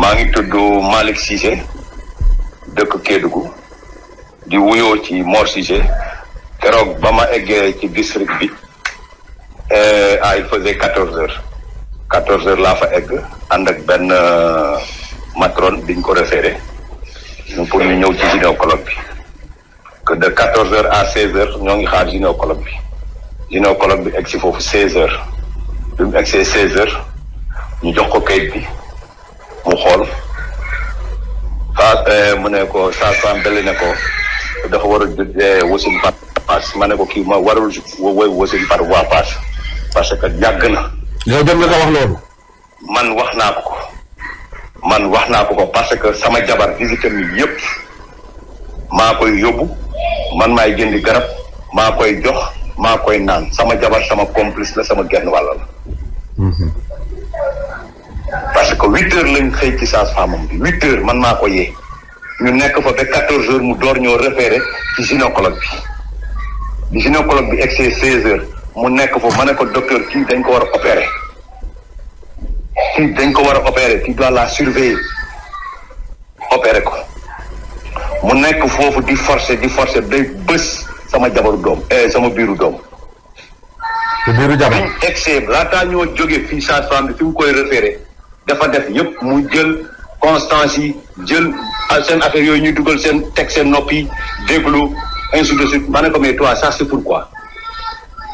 maa ngi tudd Malick Cissé dëkk Kédougou di wuyoo ci Mor Cissé keroog ba ma eggee ci district bi eh, ah il faisait quatorze heures quatorze heures laa fa egg ànd ak benn euh, matron biñ ko référé ñu pour ñu ñëw ci gynécologue bi que de quatorze heures à seize heures ñoo ngi xaar gynécologue bi gynécologue bi egg si foofu seize heures bi mu egg see seize heures ñu jox ko kayit bi mu xool saa eh, mu ne ko saa sambeli ne ko dafa war a eh, wasin par paas ma ne ko kii ma warul woy wasin par waa paas parce que jàgg na. yow dem nga ko wax loolu. man wax naa ko ko man wax naa ko ko parce que sama jabar visite mi yëpp maa koy yóbbu man maay jëndi garab maa koy jox maa koy naan sama jabar sama complice la sama genn wàll la. Mhm. que huit heures lañ xëy ci sage-femme bi huit heures man maa ko yee ñu nekk ko ba quatorze heures mu door ñoo référé ci gynécologue bi bi gynécologue bi egsee seize heures mu nekk ko ma ne ko docteur kii dañ ko war a opérer kii dañ ko war a opérer tu dois la surveiller ko mu nekk foofu di forcer di forcer day bës sama jabaru doom eh, sama biiru doom te biiru jabar. biñ laataa ñoo jógee fii sage-femme bi fi mu koy référé dafa def yëpp mu jël constance yi jël seen affaire yooyu ñuy dugal seen teg seen noppi déglu ainsi de suite ma ne ko mais toi ça c'est pourquoi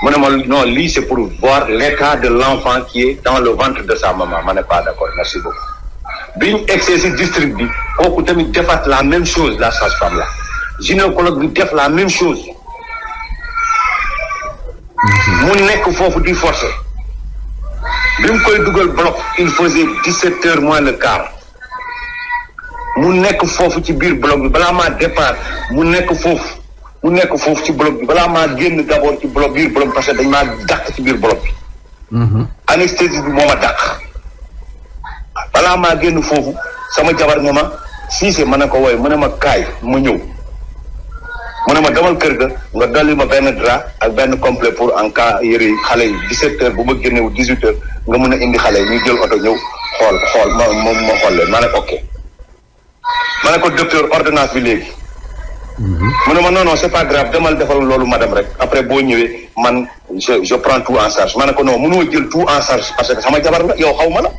mu ne ma non lii c'est pour voir l'état de l'enfant qui est dans le ventre de sa ma ne pas d'accord merci beaucoup biñ egsee si district bi kooku tamit defaat la même chose la sage-femme la gynécologue bi def la même chose mhm. mu nekk foofu du forcer bi koy dugal bloc il faisait 17 h moins le quart mu nekk foofu ci biir bloc bi balaa maa départ mu nekk foofu mu nekk foofu ci bloc bi balaa maa génn d'abord ci bloc biir bloc parce que dañ maa dàq ci biir bloc bi mhm. anesthésie bi moo ma dàq balaa maa génn foofu sama jabar ne ma siise ma ne ko wooye mu ne ma kaay ma ñëw mu ne ma demal kër ga nga dolli ma benn drap ak benn complet pour en cas yi xale yi 17 heures bu ma génnewu 18 heures nga mun a indi xale yi ñu jël oto ñëw xool xool ma ma ma xool leen ma ne ko ok ma ne ko docteur ordonnance bi léegi. Mhm. mu ne ma non non demal defal loolu madame rek après boo ñëwee man je je prends tout en ma ne ko non jël tout en charge parce que sama jabar yow xaw ma la.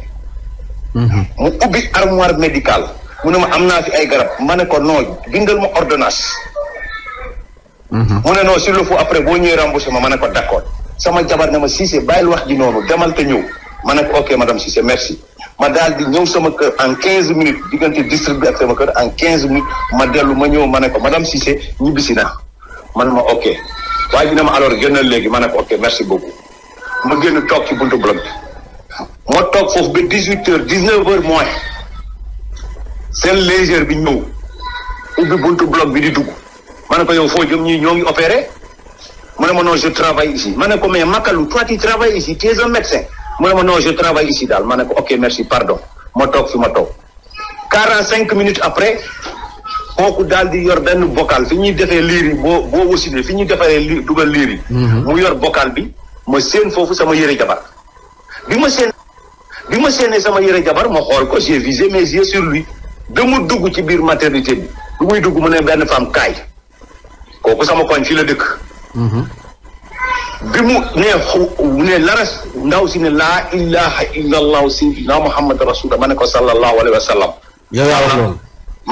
Mhm. mu ubbi armoire médical mu ne ma am naa fi ay garab ma ne ko non bindal ma ordonnance. Mm-hmm. mu ne non sur le coup après boo ñëwee remboursé ma ma ne ko d' accord sama jabar ne ma Cissé bàyyil wax ji noonu demal te ñëw ma ne ko ok madame Cissé merci ma daal di ñëw sama kër en quinze minutes diggante district bi ak sama kër en quinze minutes ma dellu ma ñëw ma ne ko madame Cissé ñibbisi na man ma ok waaye ji ne ma alors génnal léegi ma ne ko ok merci beaucoup ma génn toog ci buntu bloc bi ma toog foofu ba dix huit heures dix neuf heures moins seen légère ñëw ubbi buntu bi di dugg. ma ne ko yow foo jëm ñi ñoo opéré non je travaille ici ma ne ko mais Makalu toi tu travailles ici tu es un médecin mu non je travaille ici dal. ma ko ok merci pardon Motok toog fi ma toog quarante cinq minutes après kooku dal di yor ben bocal fi de faire lire, bo aussi boo wasine fi ñuy defaree li dugal liir yi mhm. yor bocal bi ma seen foofu sama yëre jabar bi ma seen bi ma seenee sama yëre jabar ma xool ko j'ai visé mes yeux sur lui dama dugg ci biir maternité bi lu muy dugg mu ne femme kaay kooku sama koñ fii la dëkk. bi mu mhm. ne ne laras ndaw si ne laa ilaha illallah sayyidina muhammad rasulullah man ko sallallahu alaihi wasallam ya ya yaa wax loolu.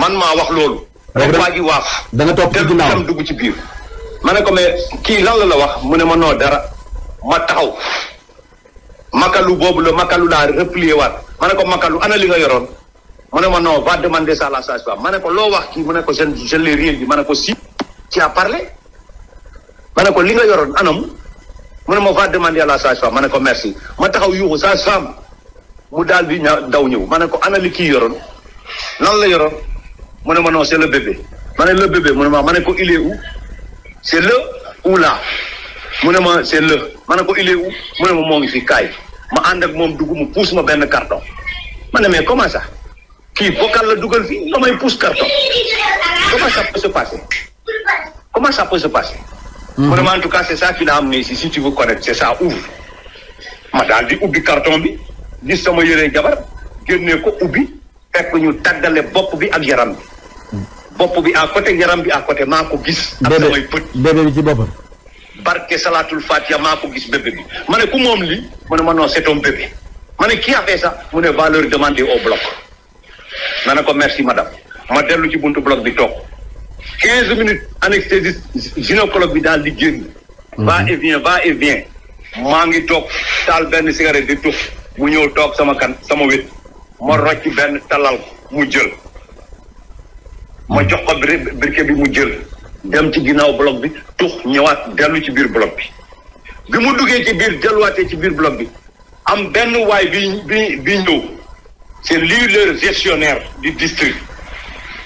man ma wax lol rek ba gi waaf. da nga top ci ginaaw dem dug ci biir. man ko me ki lan la wax mu ne ma no dara ma taxaw makalu bobu le makalu laa replier wat man ko makalu ana li nga yoron mu ma no va demander ça à la sage femme man ko lo wax ki mu ne ko je je l'ai rien dit man ko si ci a parlé li nga yoron, ya, anam. Manamo va demander à la sage-femme. ko merci. Matakaw yuhu, sage-femme. dal bi daw ñew manako ana li ki yoron ya, lan la yoron ya, mané ne ma non c'est le bébé mané le bébé mané ma mané ko il est où c'est le ou là mané ma c'est le mané ko il est où mané ma ngi fi kay ma and ak mom dugg mu pousse ma ben carton mané mais comment ça kii bokkal la dugal fii la pousse carton comment ça peut se passer Comment ça peut se passer mm -hmm. Vraiment, en tout cas, c'est ça qui l'a amené ici. Si tu veux connaître, c'est ça, ouvre. Madame dit, oublie carton, dit, sama yéré jabar, génné ko ubbi, fekk ñu taggalé bop bi ak yaram bi. Mhm. Bop bi à côté yaram bi à côté ma ko gis Bébé bi ci bopam. Barké salatul fatiha ma gis bébé bi. Mané ku mom li, mané mano non c'est ton bébé. Mané qui a fait ça? Mané va leur demander au bloc. Mané merci madame. Ma delu ci buntu bloc bi tok. 15 minutes anesthésiste gynécologue bi dans le mhm. va et vient va et vient. Mangi top, tal ben cigarette de tout. mu ñëw top, sama kan sama ben talal mu jël. ma jox ko briquet bi mu jël. dem ci bloc bi tux ñëwaat dellu ci biir bloc bi. bi mu duggee ci biir delluwaatee ci biir bloc bi. am ben waay bi bi c'est lui le gestionnaire du district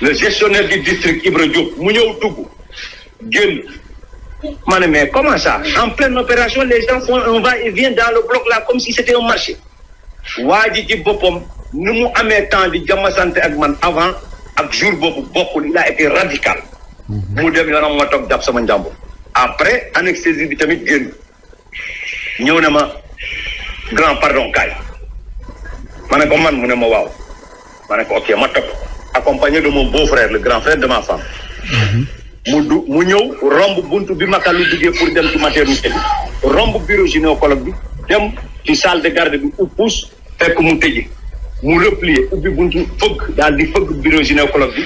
le gestionnaire du district Ibra Diop mu ñëw dugg mais comment ça en pleine opération les gens font un va-et-vient dans le bloc là comme si c'était un marché Wadi ji ci nous ni mu amee temps di jàmmasante ak man avant ak jour boobu bokkul il a été radical mhm. mu dem yoonam ma toog jàpp sama après anesthésie bi tamit génn ñëw ne ma grand pardon kaay ma ne ko man mu ne ma waaw ma ma topp accompagné de mon beau-frère le grand frère de ma femme mu du mu buntu bi maka pour duggee pour dem ci maternité bi bureau gynécologue bi dem ci salle de garde bi uppus fekk mu tëji mu replier ubbi buntu fëgg daal di fëgg bureau gynécologue bi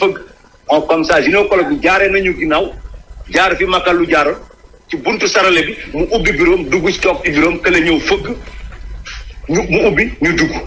fëgg on comme ça gynécologue bi jaaree nañu ginnaaw jaar fi maka buntu sarale bi bureau dugg ci bureau kële ñëw fëgg ñu mu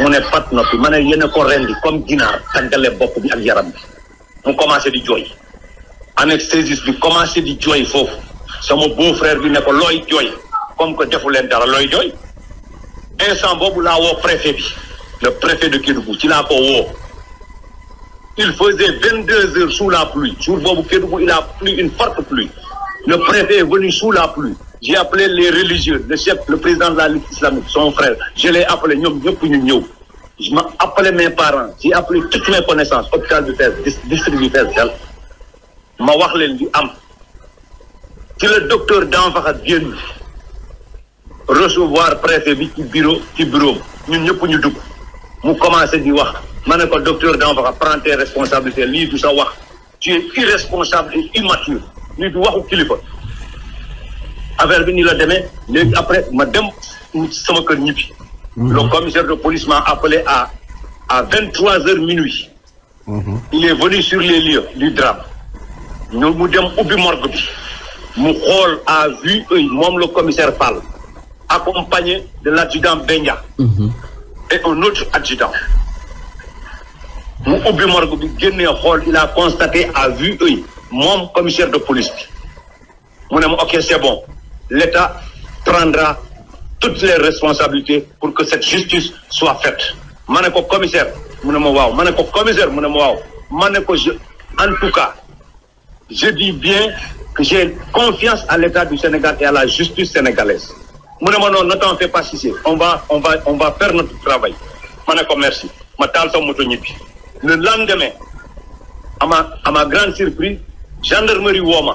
mu ne fat noppi mané il a ko rendi comme ginaar tàggale bop bi ak yaram bi mu commencé di jooy anesthésiste bi commencé di faut c'est Mon beau frère bi ne ko loy joye comme que defu leen dara loy joye instant boobu la wo préfet bi le préfet de Kédougou Il la ko wo il faisait 22 heures sous la pluie jour boobu Kédougou il a plu une forte pluie le préfet est venu sous la pluie j'ai appelé les religieux, le chef, le président de la Ligue islamique, son frère. Je l'ai appelé, nous, Je m'ai appelé mes parents, j'ai appelé toutes mes connaissances, hôpital de terre, district de terre, ma wahle du am. Si le docteur vient nous recevoir près préfet du bureau, du bureau, nous, nous, nous, nous, nous, commencer à wax. Je le docteur d'Anfakat, prends tes responsabilités, lui, tout ça, Tu es irresponsable et immature. Nous, devons waxu kilifa affaire bi le la après ma dem sama mhm. le commissaire de police m'a appelé à à h minuit. Mhm. il est venu sur les lieux du drame. Nous mu dem ubi morgue bi. mu xol à vue le commissaire parle, accompagné de l'adjudant Benga. Mhm. et un autre adjudant. mu ubbi morgue il a constaté à vue œil le commissaire de police Mon mu dit, ok c'est bon l'État prendra toutes les responsabilités pour que cette justice soit faite. Je suis commissaire je suis ma commissaire Je suis ma en tout cas je dis bien que j'ai confiance à l'État du Sénégal et à la justice sénégalaise je ne ne t'en fais pas si on va on va on va faire notre travail Je merci le lendemain à ma à grande surprise gendarmerie woma.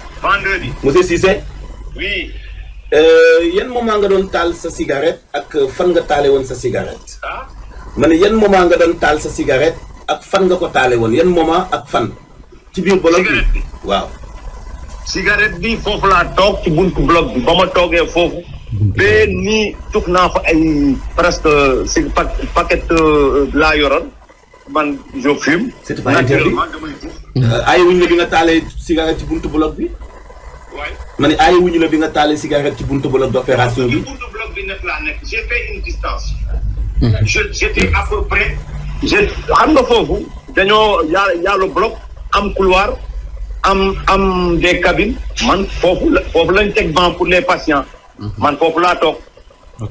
vendredi monsieur Cissé oui euh yan moment nga don tal sa cigarette ak fan nga talé won sa cigarette ah mané yan moment nga don tal sa cigarette ak fan nga ko talé won yan moment ak fan ci biir bolom waaw cigarette bi fofu la tok ci buntu blog bi bama togué fofu be ni tuk na fa ay presque ci paquet euh, la yoron man je fume c'est pas interdit euh, ay wuñu bi nga talé cigarette ci buntu blog bi ma ne aaye wuñu la bi nga taalee cigarette ci buntu bloc d' opération bi. buntu bloc nekk j' ai fait hmm. je xam nga foofu dañoo yaa yàlla bloc am couloir am am des cabines man foofu la foofu lañ teg banc pour les patients. Hmm. man foofu laa toog.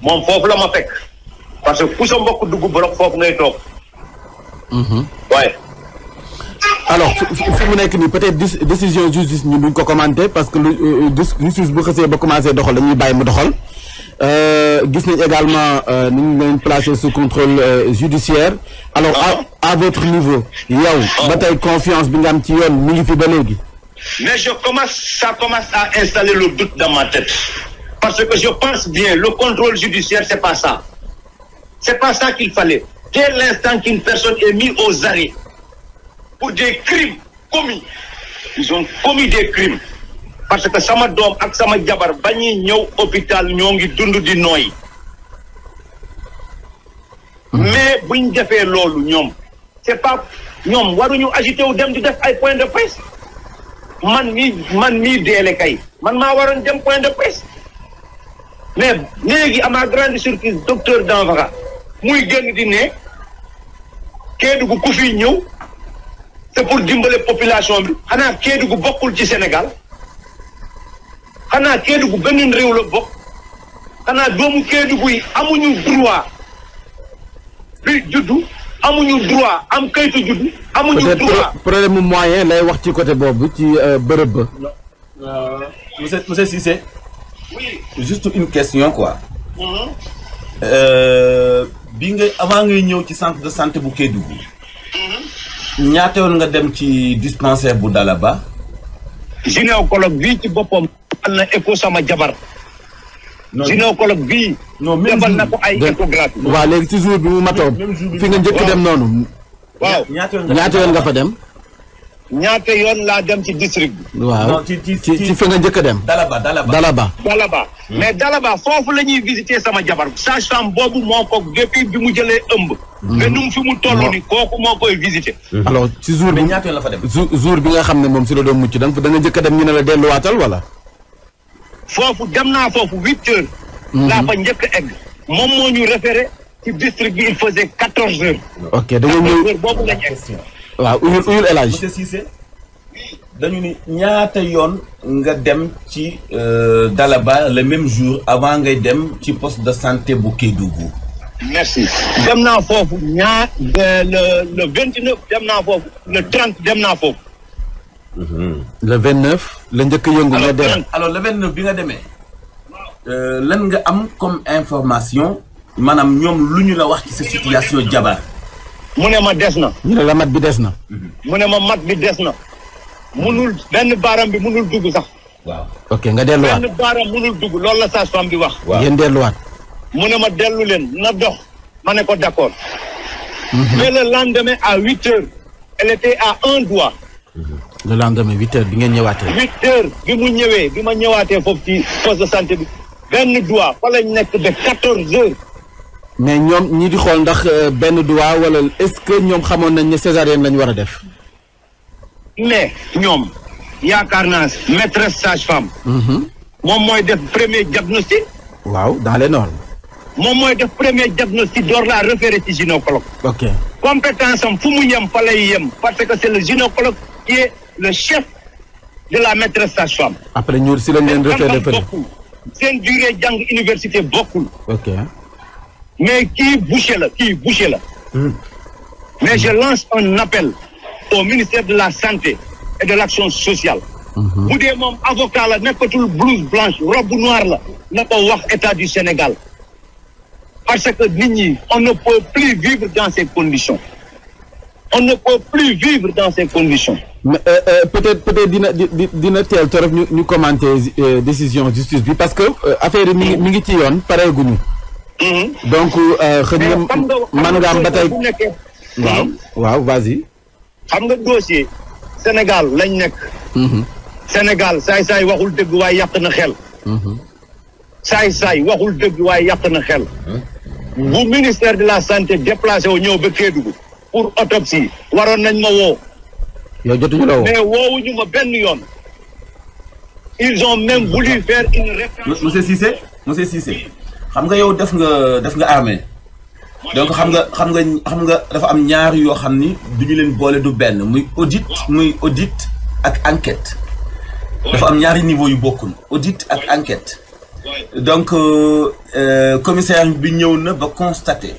moom foofu la ma fekk. parce que ku sa mbokk dugg bloc foofu ngay toog. waaye. Hmm. alors faut mu que nous peut-être décision justice nous nous commenter, parce que le euh, euh, justice a commencé à faire euh, également ni placé sous contrôle judiciaire alors à votre niveau il y confiance bi nga confiance, ci y a mais je commence ça commence à installer le doute dans ma tête parce que je pense bien le contrôle judiciaire c'est pas ça c'est pas ça qu'il fallait dès l'instant qu'une personne est mise aux arrêts pour des crimes commis ils ont commis des crimes parce que sama dom ak sama jabar ba ñuy hôpital ñongi ngi dund di noy. mais buñ defee lolu ñom c'est pas ñoom waruñu agité au dem di def ay point de presse man mi man mi deele kay man ma waron dem point de presse mais négi à ma grande surprise docteur Danfaka muy genn di ne Kédougou ku fi c'est pour dimbale population bi xanaa Kédougou bokkul ci Sénégal xanaa Kédougou beneen réew la bok xana doomu Kédougou yi amuñu droit bi juddu amuñu droit am kayta juddu. amuñu droit problème moyen lay wax ci côté bobu ci beureub ba. Euh, monsieur monsieur Cissé. oui juste une question quoi. Uh-huh. Euh, bi nga avant nga ñëw ci centre de santé bu Kédougou. Uh-huh. ñaata yoon nga dem ci dispensaire bu Dalaba. gynécologue bii ci boppam. defal na écho sama jabar. non gynécologue bii. non même defal na ko ay échographie. waaw léegi ci jour bi mu matoon. fi nga njëkk dem noonu. waaw ñaata yoon nga fa dem. ñaata yoon laa dem ci district bi. waaw ci ci ci fi nga njëkk a dem. Dalaba Dalaba Dalaba. Dalaba hmm. mais Dalaba foofu la ñuy visiter sama jabar. sage boobu moo ko depuis bi mu jëlee ëmb. Hmm. te nu fi mu toll ni kooku moo koy visiter. Hmm. alors ci jour ñaata la fa dem. jour bi nga xam ne moom si la doon mucc da nga da nga njëkk a dem ñu ne la delluwaatal wala. foofu dem naa foofu huit heures. laa fa njëkk egg. moom moo ñu référé ci district il faisait quatorze heures. ok da nga boobu lañ egg. Oui, est l'âge. Oui. Nous avons dit que le même jour avant que dem ci poste de santé Bukedougou. Merci. Je suis le, le 29, je suis le 30, je suis -hmm. Le 29, mhm. le 29, le 30. Alors, le 29, bien demain. Euh, L'un comme information, madame, nous avons cette situation de mu ne ma des na. ñu ne la mat bi des na. mu ne ma mat bi des na. munul benn baaram bi munul dugg sax. waaw ok nga delluwaat benn baaram munul dugg loolu la sage-femme bi wax. waaw yéen delluwaat. mu ne ma dellu leen na dox ma ne ko d'accord. Mhm. mais le lendemain a huit heures. elle était un doigt. Mhm. le lendemain huit bi ngeen ñëwaatee. huit mu ñëwee bi ma ñëwaatee foofu ci poste de santé bi benn doigt fa lañ nekk ba quatorze mais ñom ñi di xol ndax euh, benn droit wala est-ce que ñom xamone nañ ne césarienne lañ wara def. mais ñom yakarna maîtresse sage-femme. mom mhm. moy def premier diagnostic. waaw dans les normes. mom moy def premier diagnostic d'or la référé ci gynécologue. ok compétence am fu mu yem fa lay yem parce que c'est le gynécologue qui est le chef de la maîtresse sage-femme. après ñur si lañ leen référé. une durée jang université beaucoup ok mais qui bouchez-le, qui hmm. mais je lance un appel au ministère de la santé et de l'action sociale. Vous hmm. dee mon avocat n'importe où, blouse blanche robe noire là, na état du Sénégal parce que Nini, on ne peut plus vivre dans ces conditions on ne peut plus vivre dans ces conditions. Euh, euh, peut-être peut-être dina tu teel nous commenter euh, décision justice parce que affaire de mi pareil, pareil nous. Mm-hmm. donc euh, man nga am waaw waaw vas-y. xam nga dossier Sénégal lañ mm-hmm. Sénégal say vous waxul deug way na xel. Mm-hmm. waxul na xel. ministère de la santé déplacé wu ñëw ba pour autopsie waroon nañ mais ma benn yoon. ils ont même voulu faire une référence. monsieur Cissé monsieur Cissé xam nga yow def nga def nga armée donc xam nga xam nga xam nga dafa am ñaar yoo xam ni du leen boole du benn muy audit muy audit ak enquête dafa am ñaari niveau yu bokkul audit ak enquête donc euh, euh, commissaire bi ñëw na ba constater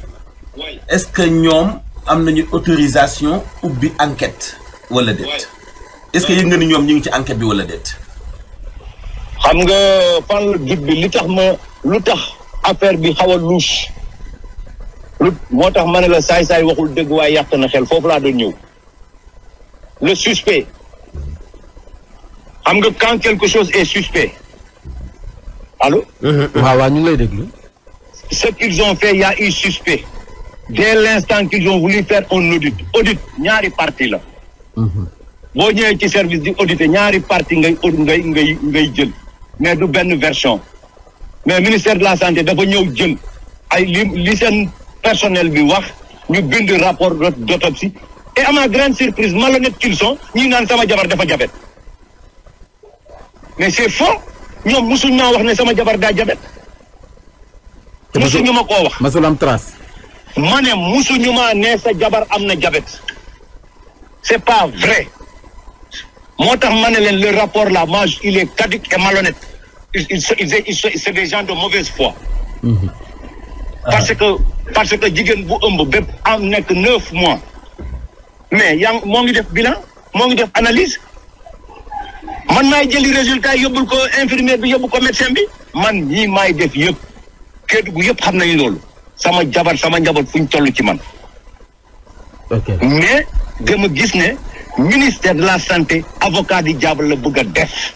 est-ce que ñoom am nañu autorisation ubbi enquête wala déet est-ce que yëg nga ni ñoom ñu ngi ci enquête bi wala déet xam nga par bi li tax ma lu tax affaire bi xaw louche lu moo la say say waxul deug waaye yatt na xel fofu la doon ñëw le suspect xam nga quand quelque chose est suspect allô wa mmh, mmh. wa ñu lay déglu ce qu'ils ont fait Il y a eu suspect dès l'instant qu'ils ont voulu faire un audit audit ñaari parti la mmh. bo ñëwee ci service di auditer ñaari parti ngay ngay ngay ngay jël mais du ben version mais le ministère de la santé dafa ñëw a ay personnel nous wax rapport d'autopsie et à ma grande surprise malhonnête qu'ils sont nous avons jamais jabar mais c'est faux Nous, mosuñ wax ne sama jabar diabète. wax ne sa c'est pas vrai Moi, je le rapport là il est caduc et malhonnête ils, des gens de mauvaise mm-hmm. parce que parce que jigéen bu ëmb bépp am nekk neuf mois mais yaa moo ngi def bilan moo ngi def analyse man maay jëli résultat yóbbul ko infirmier bi yóbbu ko médecin bi man ñii maay def yëpp Kédougou yëpp xam nañu loolu sama jabar sama njaboot fu ñu toll ci man. mais dama gis ne ministère de la santé avocat di jaabal la bëgg a def.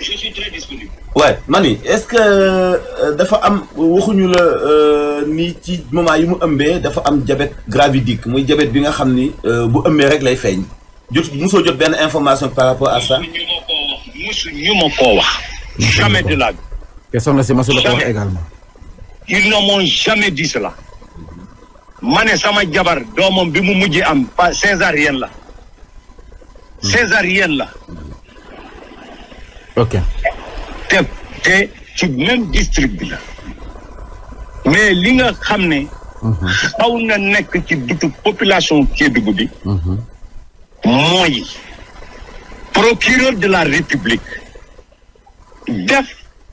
je suis très disponible. ouais mani est-ce que euh, dafa am waxuñu euh, am diabète gravidique diabète bi nga euh, bu information par rapport à ça. jamais de la également. ils ne m'ont jamais dit cela. Mané sama jabar césarienne là. Hmm. césarienne là ok te te même district mais li nga xam ne. Mhm. xaw na nekk population qui est de bi. Mhm. moi, procureur de la République def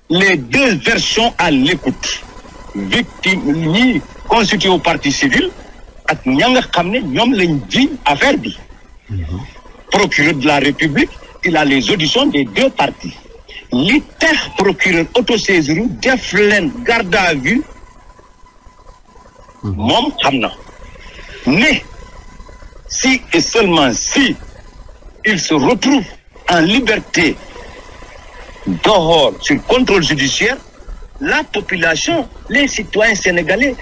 les deux versions à l'écoute victime ni constitué au parti civil ak ña nga xam ne ñoom affaire mhm. procureur de la République il a les auditions des deux parties. linter procureur auto def garde à vue mom, mhm. mais si et seulement si il se retrouve en liberté dehors sur contrôle judiciaire la population les citoyens sénégalais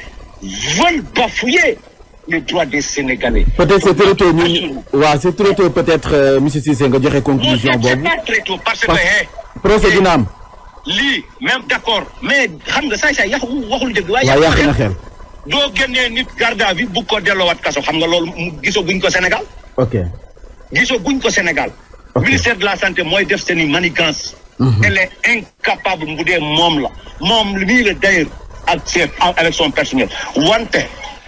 veulent bafouiller le droit des Sénégalais. peut-être c'est trop tôt ñun c'est trop tôt peut-être euh, monsieur Cissé nga joxe conclusion boobu. non c'est très tôt parce que. procès eh, dina eh, Li, même d'accord mais xam nga saay saay yàqu waxul dëgg. waaye yàq na xel doo génnee nit garde à vue bu ko delloowaat kaso xam nga loolu gisoo guñ ko Sénégal. ok gisoo guñ ko Sénégal. ministère de la santé moi def suis i manigance. Mhm. elle est incapable de dee moom la moom mii le d'ailleurs ak avec son personnel wante.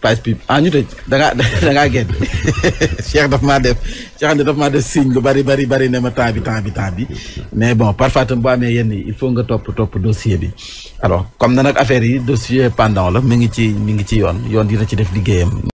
page pub ah ñu tëj danga ngaa da ngaa daf maa def Cheikh Anta daf maa def signe lu bari bari bari ne ma temps bi temps bi temps bi mais bon parfois tam boo amee yenn il faut nga topp topp dossier bi alors comme na nag affaire yi dossier pendant la mu ngi ci mi ngi ci yoon yoon dina ci def liggéeyam.